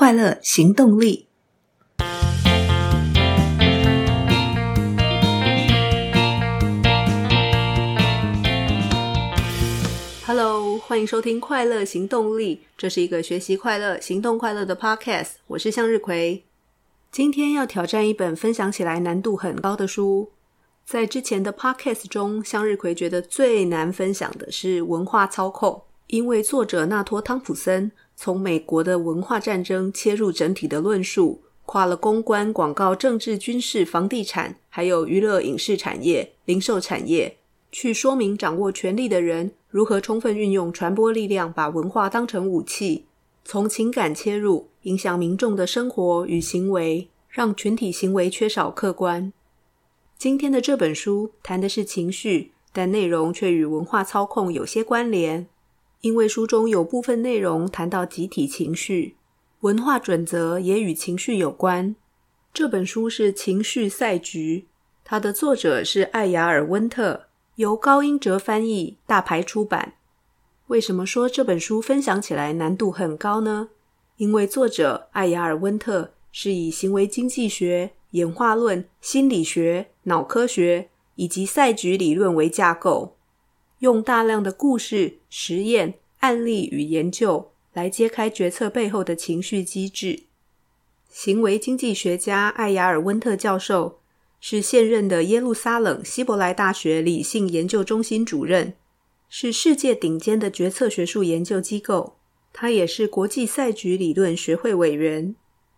快樂行動力。Hello，歡迎收聽《快樂行動力》，這是一個學習快樂、行動快樂的 Podcast。我是向日葵，今天要挑戰一本分享起來難度很高的書。在之前的 Podcast 中，向日葵覺得最難分享的是《文化操控》，因為作者納托湯普森。從美國的文化戰爭切入整體的論述，跨了公關、廣告、政治、軍事、房地產，還有娛樂影視產業、零售產業，去說明掌握權力的人如何充分運用傳播力量，把文化當成武器。從情感切入，影響民眾的生活與行為，讓群體行為缺少客觀。今天的這本書談的是情緒，但內容卻與文化操控有些關聯。因為書中有部分內容談到集體情緒，文化準則也與情緒有關。這本書是《情緒賽局》，它的作者是艾雅爾·溫特，由高英哲翻譯，大牌出版。為什麼說這本書分享起來難度很高呢？因為作者艾雅爾·溫特是以行為經濟學、演化論、心理學、腦科學以及賽局理論為架構。用大量的故事、實驗、案例與研究來揭開決策背後的情緒機制。行為經濟學家艾雅爾·溫特教授是現任的耶路撒冷希伯來大學理性研究中心主任，是世界頂尖的決策學術研究機構。他也是國際賽局理論學會委員。《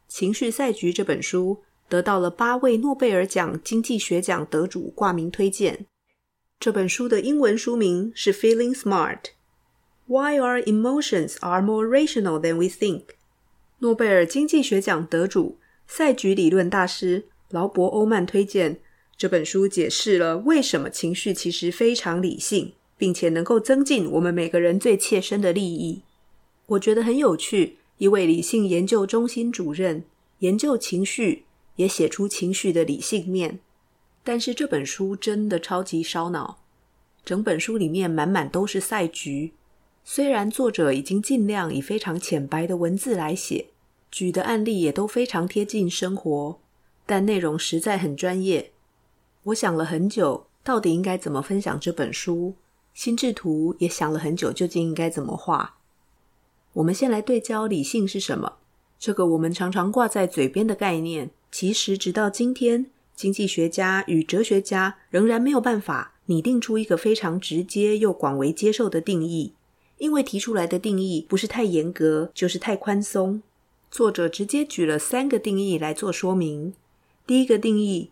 情緒賽局》這本書得到了八位諾貝爾獎經濟學獎得主掛名推薦。這本書的英文書名是《Feeling Smart》，Why Our Emotions Are More Rational Than We Think。諾貝爾經濟學獎得主、賽局理論大師勞勃·歐曼推薦這本書，解釋了為什麼情緒其實非常理性，並且能夠增進我們每個人最切身的利益。我覺得很有趣，一位理性研究中心主任研究情緒，也寫出情緒的理性面。但是這本書真的超級燒腦，整本書裡面滿滿都是賽局。雖然作者已經盡量以非常淺白的文字來寫，舉的案例也都非常貼近生活，但內容實在很專業。我想了很久，到底應該怎麼分享這本書？心智圖也想了很久，究竟應該怎麼畫？我們先來對焦理性是什麼？這個我們常常掛在嘴邊的概念，其實直到今天。經濟學家與哲學家仍然沒有辦法擬定出一個非常直接又廣為接受的定義，因為提出來的定義不是太嚴格，就是太寬鬆。作者直接舉了三個定義來做說明。第一個定義，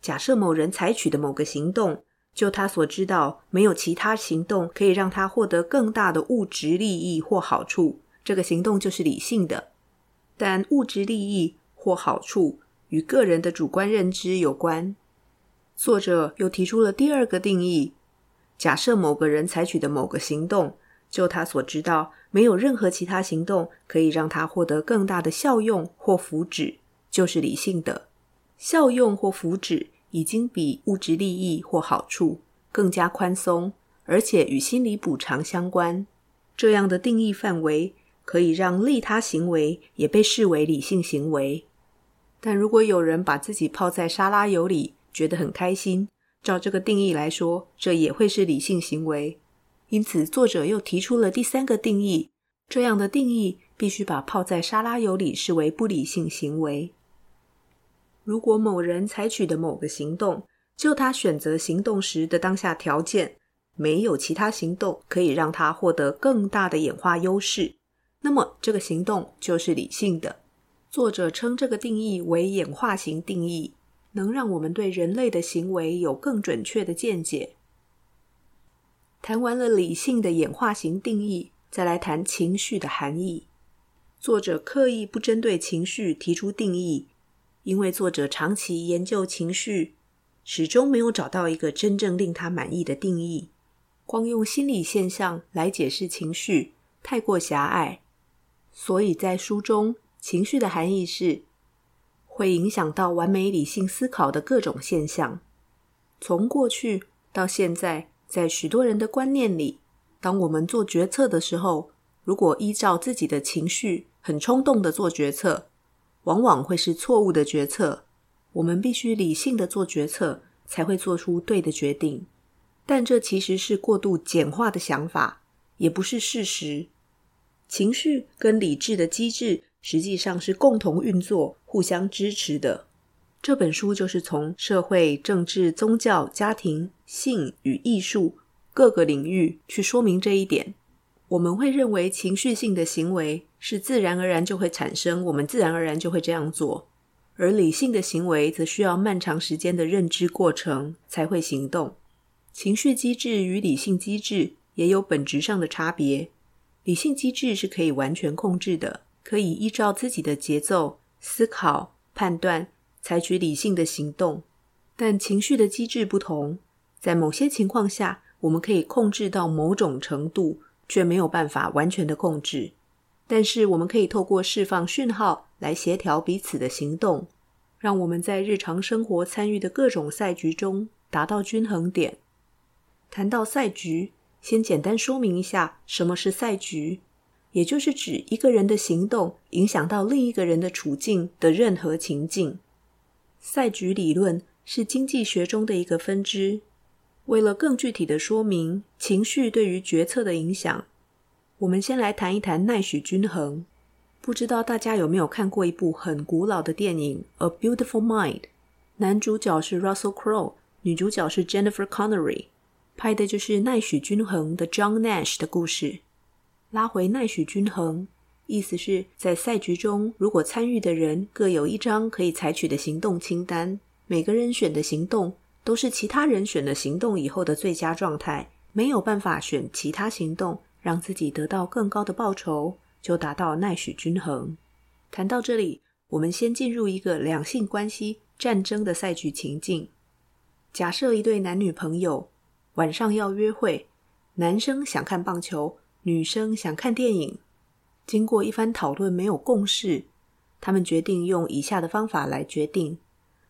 假設某人採取的某個行動，就他所知道，沒有其他行動可以讓他獲得更大的物質利益或好處，這個行動就是理性的。但物質利益或好處，與個人的主觀認知有關。作者又提出了第二個定義：假設某個人採取的某個行動，就他所知道，沒有任何其他行動可以讓他獲得更大的效用或福祉，就是理性的。效用或福祉已經比物質利益或好處更加寬鬆，而且與心理補償相關。這樣的定義範圍可以讓利他行為也被視為理性行為。但如果有人把自己泡在沙拉油裡，覺得很開心，照這個定義來說，這也會是理性行為。因此，作者又提出了第三個定義，這樣的定義必須把泡在沙拉油裡視為不理性行為。如果某人採取的某個行動，就他選擇行動時的當下條件，沒有其他行動可以讓他獲得更大的演化優勢，那麼這個行動就是理性的。作者稱這個定義為演化型定義，能讓我們對人類的行為有更準確的見解。談完了理性的演化型定義，再來談情緒的含義。作者刻意不針對情緒提出定義，因為作者長期研究情緒，始終沒有找到一個真正令他滿意的定義。光用心理現象來解釋情緒，太過狹隘，所以在書中。情緒的含義是，會影響到完美理性思考的各種現象。從過去到現在，在許多人的觀念裡，當我們做決策的時候，如果依照自己的情緒很衝動的做決策，往往會是錯誤的決策。我們必須理性的做決策，才會做出對的決定。但這其實是過度簡化的想法，也不是事實。情緒跟理智的機制實際上是共同運作、互相支持的。這本書就是從社會、政治、宗教、家庭、性與藝術各個領域去說明這一點。我們會認為情緒性的行為是自然而然就會產生，我們自然而然就會這樣做，而理性的行為則需要漫長時間的認知過程才會行動。情緒機制與理性機制也有本質上的差別。理性機制是可以完全控制的。可以依照自己的節奏思考、判斷、採取理性的行動，但情緒的機制不同，在某些情況下，我們可以控制到某種程度，卻沒有辦法完全的控制。但是，我們可以透過釋放訊號來協調彼此的行動，讓我們在日常生活參與的各種賽局中達到均衡點。談到賽局，先簡單說明一下什麼是賽局。也就是指一個人的行動影響到另一個人的處境的任何情境。賽局理論是經濟學中的一個分支。為了更具體的說明情緒對於決策的影響，我們先來談一談奈許均衡。不知道大家有沒有看過一部很古老的電影《A Beautiful Mind》？男主角是 Russell Crowe，女主角是 Jennifer Connery，拍的就是奈許均衡的 John Nash 的故事。拉回奈許均衡，意思是，在賽局中，如果參與的人各有一張可以採取的行動清單，每個人選的行動都是其他人選的行動以後的最佳狀態，沒有辦法選其他行動讓自己得到更高的報酬，就達到奈許均衡。談到這裡，我們先進入一個兩性關係戰爭的賽局情境。假設一對男女朋友晚上要約會，男生想看棒球。女生想看電影，經過一番討論沒有共識，他們決定用以下的方法來決定，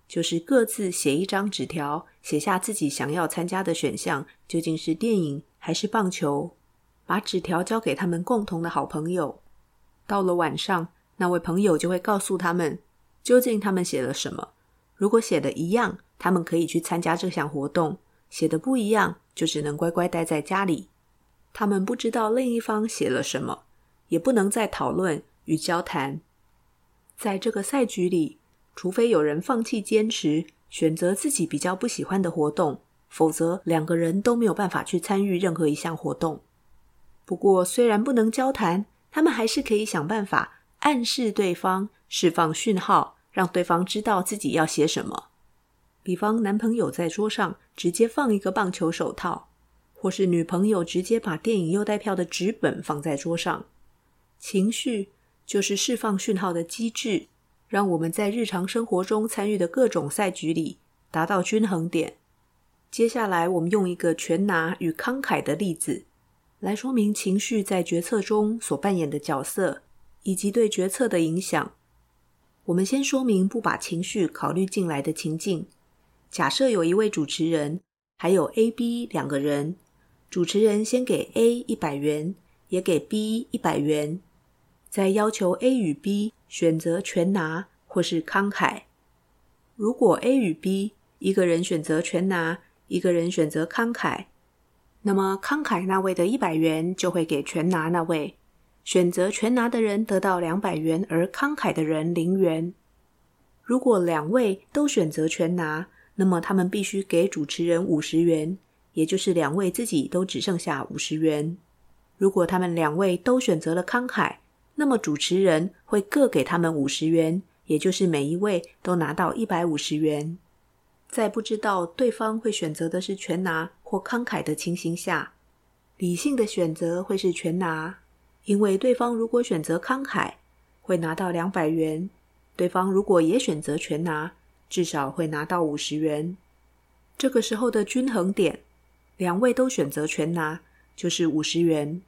就是各自寫一張紙條，寫下自己想要參加的選項，究竟是電影還是棒球，把紙條交給他們共同的好朋友。到了晚上，那位朋友就會告訴他們究竟他們寫了什麼。如果寫的一樣，他們可以去參加這項活動；寫的不一樣，就只能乖乖待在家裡。他們不知道另一方寫了什麼，也不能再討論與交談。在這個賽局裡，除非有人放棄堅持，選擇自己比較不喜歡的活動，否則兩個人都沒有辦法去參與任何一項活動。不過，雖然不能交談，他們還是可以想辦法暗示對方，釋放訊號，讓對方知道自己要寫什麼。比方，男朋友在桌上直接放一個棒球手套。或是女朋友直接把電影優待票的紙本放在桌上，情緒就是釋放訊號的機制，讓我們在日常生活中參與的各種賽局裡達到均衡點。接下來，我們用一個全拿與慷慨的例子來說明情緒在決策中所扮演的角色以及對決策的影響。我們先說明不把情緒考慮進來的情境：假設有一位主持人，還有 A、B 兩個人。主持人先給 A 一百元，也給 B 一百元，再要求 A 與 B 選擇全拿或是慷慨。如果 A 與 B 一個人選擇全拿，一個人選擇慷慨，那麼慷慨那位的一百元就會給全拿那位。選擇全拿的人得到兩百元，而慷慨的人零元。如果兩位都選擇全拿，那麼他們必須給主持人五十元。也就是兩位自己都只剩下五十元。如果他們兩位都選擇了慷慨，那麼主持人會各給他們五十元，也就是每一位都拿到一百五十元。在不知道對方會選擇的是全拿或慷慨的情形下，理性的選擇會是全拿，因為對方如果選擇慷慨，會拿到兩百元；對方如果也選擇全拿，至少會拿到五十元。這個時候的均衡點，兩位都選擇全拿，就是五十元。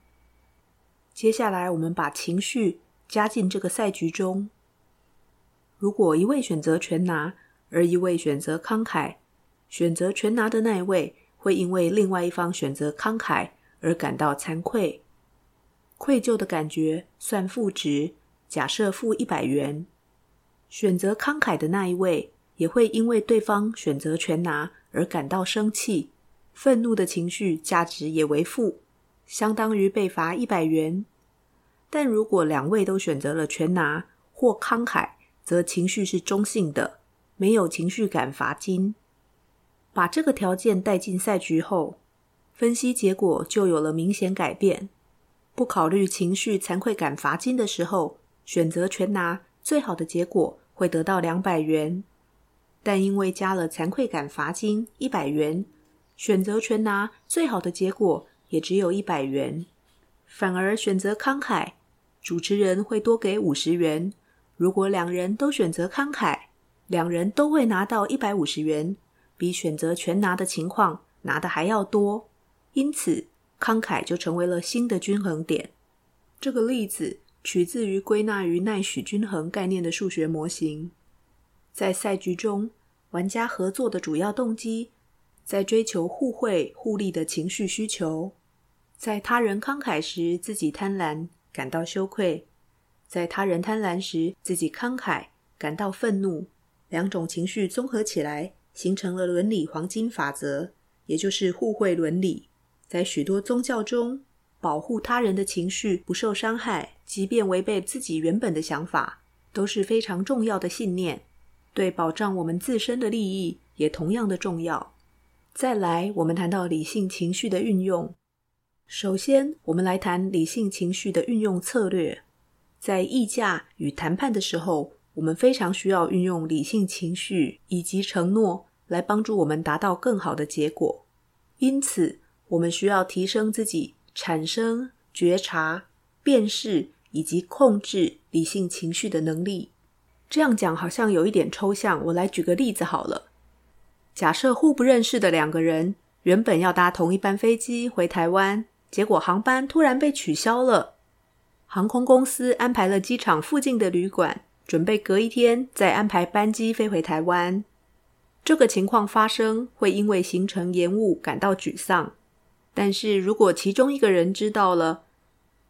接下來，我們把情緒加進這個賽局中。如果一位選擇全拿，而一位選擇慷慨，選擇全拿的那一位會因為另外一方選擇慷慨而感到慚愧、愧疚的感覺，算負值，假設負一百元。選擇慷慨的那一位也會因為對方選擇全拿而感到生氣。憤怒的情緒價值也為負，相當於被罰一百元。但如果兩位都選擇了全拿或慷慨，則情緒是中性的，沒有情緒感罰金。把這個條件帶進賽局後，分析結果就有了明顯改變。不考慮情緒慚愧感罰金的時候，選擇全拿最好的結果會得到兩百元，但因為加了慚愧感罰金一百元。選擇全拿，最好的結果也只有一百元；反而選擇慷慨，主持人會多給五十元。如果兩人都選擇慷慨，兩人都會拿到一百五十元，比選擇全拿的情況拿的還要多。因此，慷慨就成為了新的均衡點。這個例子取自於歸納於奈許均衡概念的數學模型。在賽局中，玩家合作的主要動機。在追求互惠互利的情緒需求，在他人慷慨時自己貪婪，感到羞愧；在他人貪婪時自己慷慨，感到憤怒。兩種情緒綜合起來，形成了倫理黃金法則，也就是互惠倫理。在許多宗教中，保護他人的情緒不受傷害，即便違背自己原本的想法，都是非常重要的信念。對保障我們自身的利益也同樣的重要。再來，我們談到理性情緒的運用。首先，我們來談理性情緒的運用策略。在議價與談判的時候，我們非常需要運用理性情緒以及承諾，來幫助我們達到更好的結果。因此，我們需要提升自己產生、覺察、辨識以及控制理性情緒的能力。這樣講好像有一點抽象，我來舉個例子好了。假設互不認識的兩個人原本要搭同一班飛機回台灣，結果航班突然被取消了。航空公司安排了機場附近的旅館，準備隔一天再安排班機飛回台灣。這個情況發生會因為行程延誤感到沮喪，但是如果其中一個人知道了，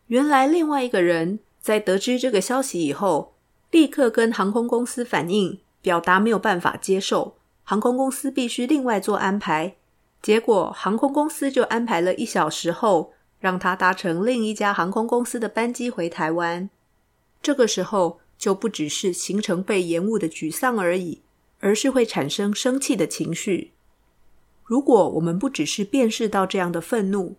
原來另外一個人在得知這個消息以後，立刻跟航空公司反映，表達沒有辦法接受，航空公司必須另外做安排，結果航空公司就安排了一小時後讓他搭乘另一家航空公司的班機回台灣。這個時候就不只是行程被延誤的沮喪而已，而是會產生生氣的情緒。如果我們不只是辨識到這樣的憤怒，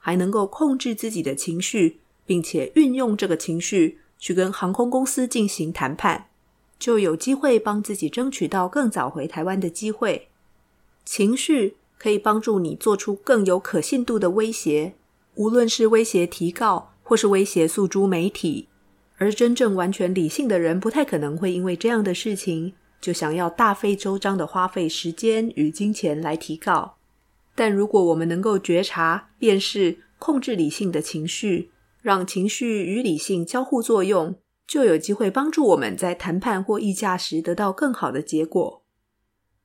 還能夠控制自己的情緒，並且運用這個情緒去跟航空公司進行談判。就有機會幫自己爭取到更早回台灣的機會。情緒可以幫助你做出更有可信度的威脅，無論是威脅提告或是威脅訴諸媒體。而真正完全理性的人，不太可能會因為這樣的事情就想要大費周章的花費時間與金錢來提告。但如果我們能夠覺察，辨識、控制理性的情緒，讓情緒與理性交互作用。就有機會幫助我們在談判或議價時得到更好的結果。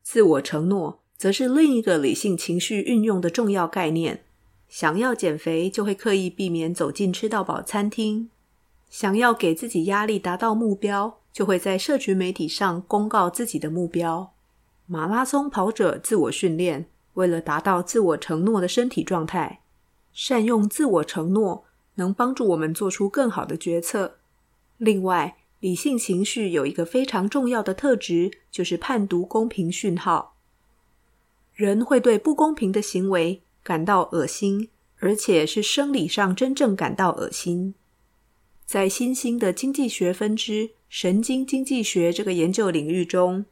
自我承諾則是另一個理性情緒運用的重要概念。想要減肥，就會刻意避免走進吃到飽餐廳；想要給自己壓力達到目標，就會在社群媒體上公告自己的目標。馬拉松跑者自我訓練，為了達到自我承諾的身體狀態。善用自我承諾，能幫助我們做出更好的決策。另外，理性情緒有一個非常重要的特質，就是判讀公平訊號。人會對不公平的行為感到噁心，而且是生理上真正感到噁心。在新興的經濟學分支——神經經濟學這個研究領域中，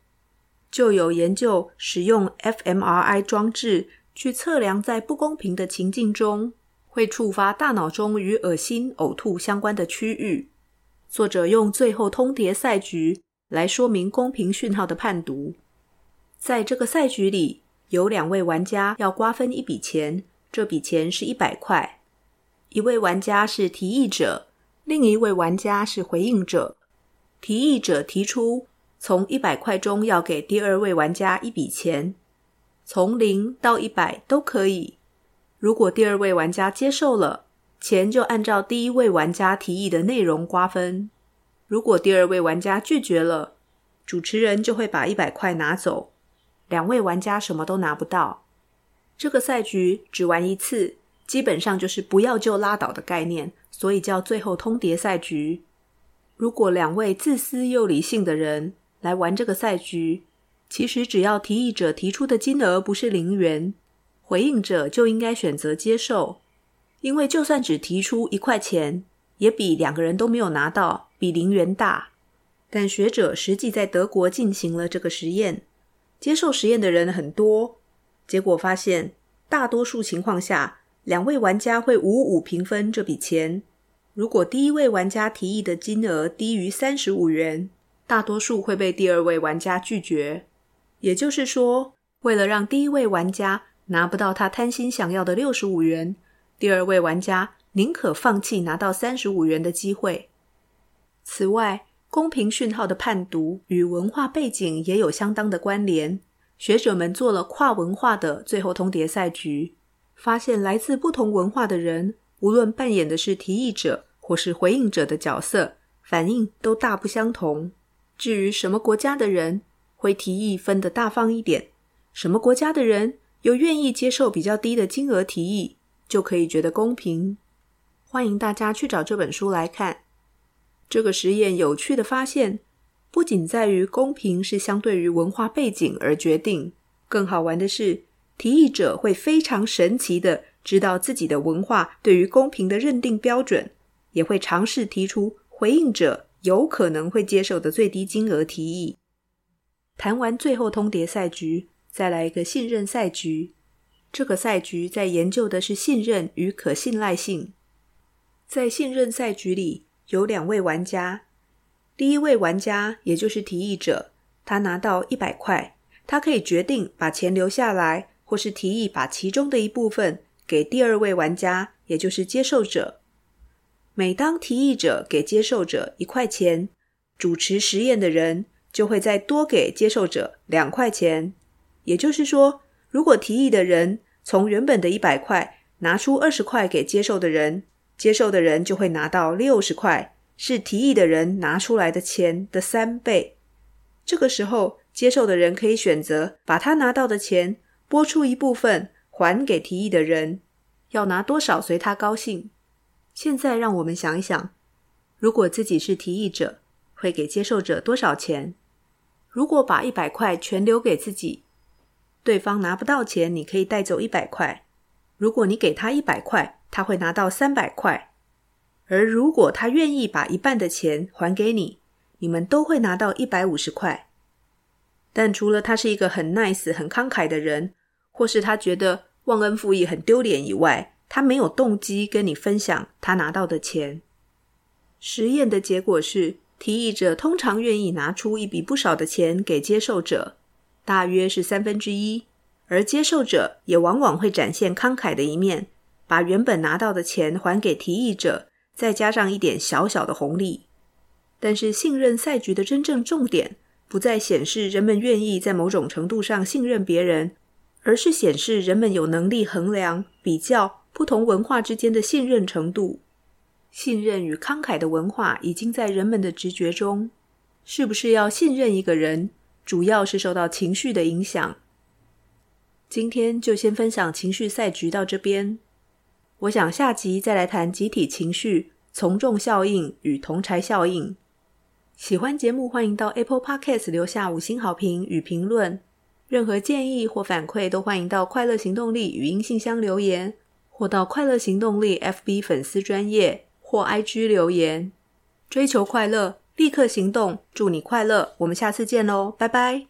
就有研究使用 fMRI 裝置去測量在不公平的情境中，會觸發大腦中與噁心、嘔吐相關的區域。作者用最後通牒賽局來說明公平訊號的判讀。在這個賽局裡，有兩位玩家要瓜分一筆錢，這筆錢是一百塊。一位玩家是提議者，另一位玩家是回應者。提議者提出，從一百塊中要給第二位玩家一筆錢，從零到一百都可以。如果第二位玩家接受了，錢就按照第一位玩家提議的內容瓜分。如果第二位玩家拒絕了，主持人就會把一百塊拿走，兩位玩家什麼都拿不到。這個賽局只玩一次，基本上就是不要就拉倒的概念，所以叫最後通牒賽局。如果兩位自私又理性的人來玩這個賽局，其實只要提議者提出的金額不是零元，回應者就應該選擇接受。因為就算只提出一塊錢，也比兩個人都沒有拿到，比零元大。但學者實際在德國進行了這個實驗，接受實驗的人很多，結果發現大多數情況下，兩位玩家會五五平分這筆錢。如果第一位玩家提議的金額低於三十五元，大多數會被第二位玩家拒絕。也就是說，為了讓第一位玩家拿不到他貪心想要的六十五元，第二位玩家寧可放棄拿到三十五元的機會。此外，公平訊號的判讀與文化背景也有相當的關聯。學者們做了跨文化的最後通牒賽局，發現來自不同文化的人，無論扮演的是提議者或是回應者的角色，反應都大不相同。至於什麼國家的人會提議分得大方一點，什麼國家的人又願意接受比較低的金額提議。就可以覺得公平。歡迎大家去找這本書來看。這個實驗有趣的發現，不僅在於公平是相對於文化背景而決定，更好玩的是，提議者會非常神奇的知道自己的文化對於公平的認定標準，也會嘗試提出回應者有可能會接受的最低金額提議。談完最後通牒賽局，再來一個信任賽局。這個賽局在研究的是信任與可信賴性。在信任賽局裡，有兩位玩家。第一位玩家，也就是提議者，他拿到一百塊，他可以決定把錢留下來，或是提議把其中的一部分給第二位玩家，也就是接受者。每當提議者給接受者一塊錢，主持實驗的人就會再多給接受者兩塊錢。也就是說，如果提議的人從原本的一百塊拿出二十塊給接受的人，接受的人就會拿到六十塊，是提議的人拿出來的錢的三倍。這個時候，接受的人可以選擇把他拿到的錢撥出一部分還給提議的人，要拿多少隨他高興。現在讓我們想一想，如果自己是提議者，會給接受者多少錢？如果把一百塊全留給自己，對方拿不到錢，你可以帶走一百塊。如果你給他一百塊，他會拿到三百塊。而如果他願意把一半的錢還給你，你們都會拿到一百五十塊。但除了他是一個很 nice、很慷慨的人，或是他覺得忘恩負義很丟臉以外，他沒有動機跟你分享他拿到的錢。實驗的結果是，提議者通常願意拿出一筆不少的錢給接受者。大約是三分之一，而接受者也往往會展現慷慨的一面，把原本拿到的錢還給提議者，再加上一點小小的紅利。但是，信任賽局的真正重點，不在顯示人們願意在某種程度上信任別人，而是顯示人們有能力衡量、比較不同文化之間的信任程度。信任與慷慨的文化已經在人們的直覺中，是不是要信任一個人，主要是受到情緒的影響。今天就先分享情緒賽局到這邊。我想下集再來談集體情緒、從眾效應與同儕效應。喜歡節目，歡迎到 Apple Podcast 留下五星好評與評論。任何建議或反饋都歡迎到快樂行動力語音信箱留言，或到快樂行動力 FB 粉絲專頁或 IG 留言。追求快樂。立刻行動，祝你快樂！我們下次見嘍，拜拜。